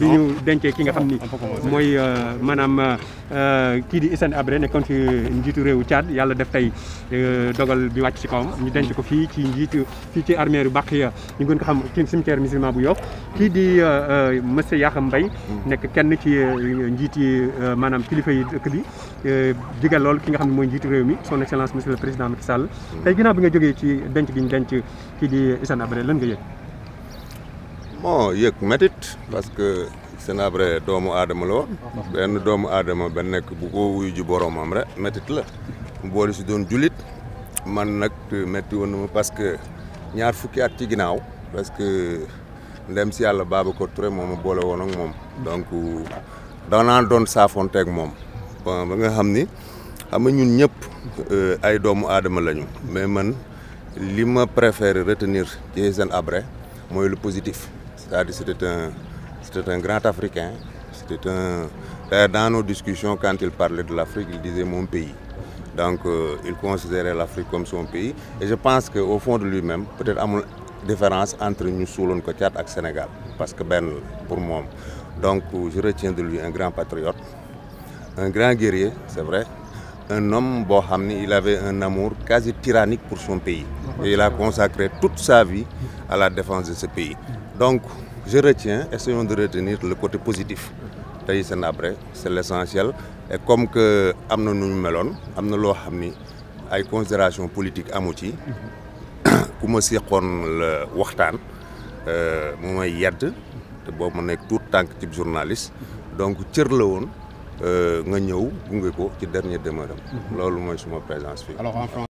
bi ñu dencee ki nga xam ni mooy euh, maanaam euh, kii di Hissène abre nekkoon fi njiitu réewu Tchad yàlla def tey euh, dogal bi wàcc ci kawam ñu denc ko fii ci njiitu fii ci armeeru Bakhiya ñu gën ko xam ci cimetière musulman bu Yoff kii di monsieur Yakham mbay nekk kenn ci njiit yi maanaam kilifa yi dëkk bi digal lool ki nga xam ne mooy njiitu réew mi son excellence monsieur le président Macky Sall tey ginnaaw bi nga jógee ci denc gi ñu denc kii di Hissène Habré lan nga yëg bon yëg métit parce que Sénabre doomu aadama la woon benn doomu aadama ba nekk bu ko wuyu ji boromam rek métit la mu boole si doon julit man nag métti woon na ma parce que ñaar fukki at ci ginnaaw parce que ndem si yàlla ko Touré moom ma boole woon moom donc danaa doon saafonteeg moom bon ba nga xam ni xam nga ñun ñëpp euh, ay doomu aadama lañu mais man li ma préfère retenir ci seen abré mooy lu positif C'est-à-dire c'était un, c'était un grand Africain. C'était dans nos discussions, quand il parlait de l'Afrique, il disait mon pays. Donc, euh, il considérait l'Afrique comme son pays. Et je pense qu'au fond de lui-même, peut-être à différence entre nous, Soulon, Kotiat et Sénégal. Parce que ben, pour moi. Donc, euh, je retiens de lui un grand patriote, un grand guerrier, c'est vrai. Un homme, Bohamni, il avait un amour quasi tyrannique pour son pays. et il a consacré toute sa vie à la défence de ce pays. Donc, je retiens, essayons de retenir le côté positif. Taïsen Abré, c'est l'essentiel. Et comme que meloon am na loo xam ni ay considération politique amu ci. ku ma siqon le waxtaan euh moy yedd te boo bobu nekk tout tank type journaliste. Donc cër la won euh, nga ñëw gunge ko ci dernier demeure am. Mhm. loolu mooy suma présence fii.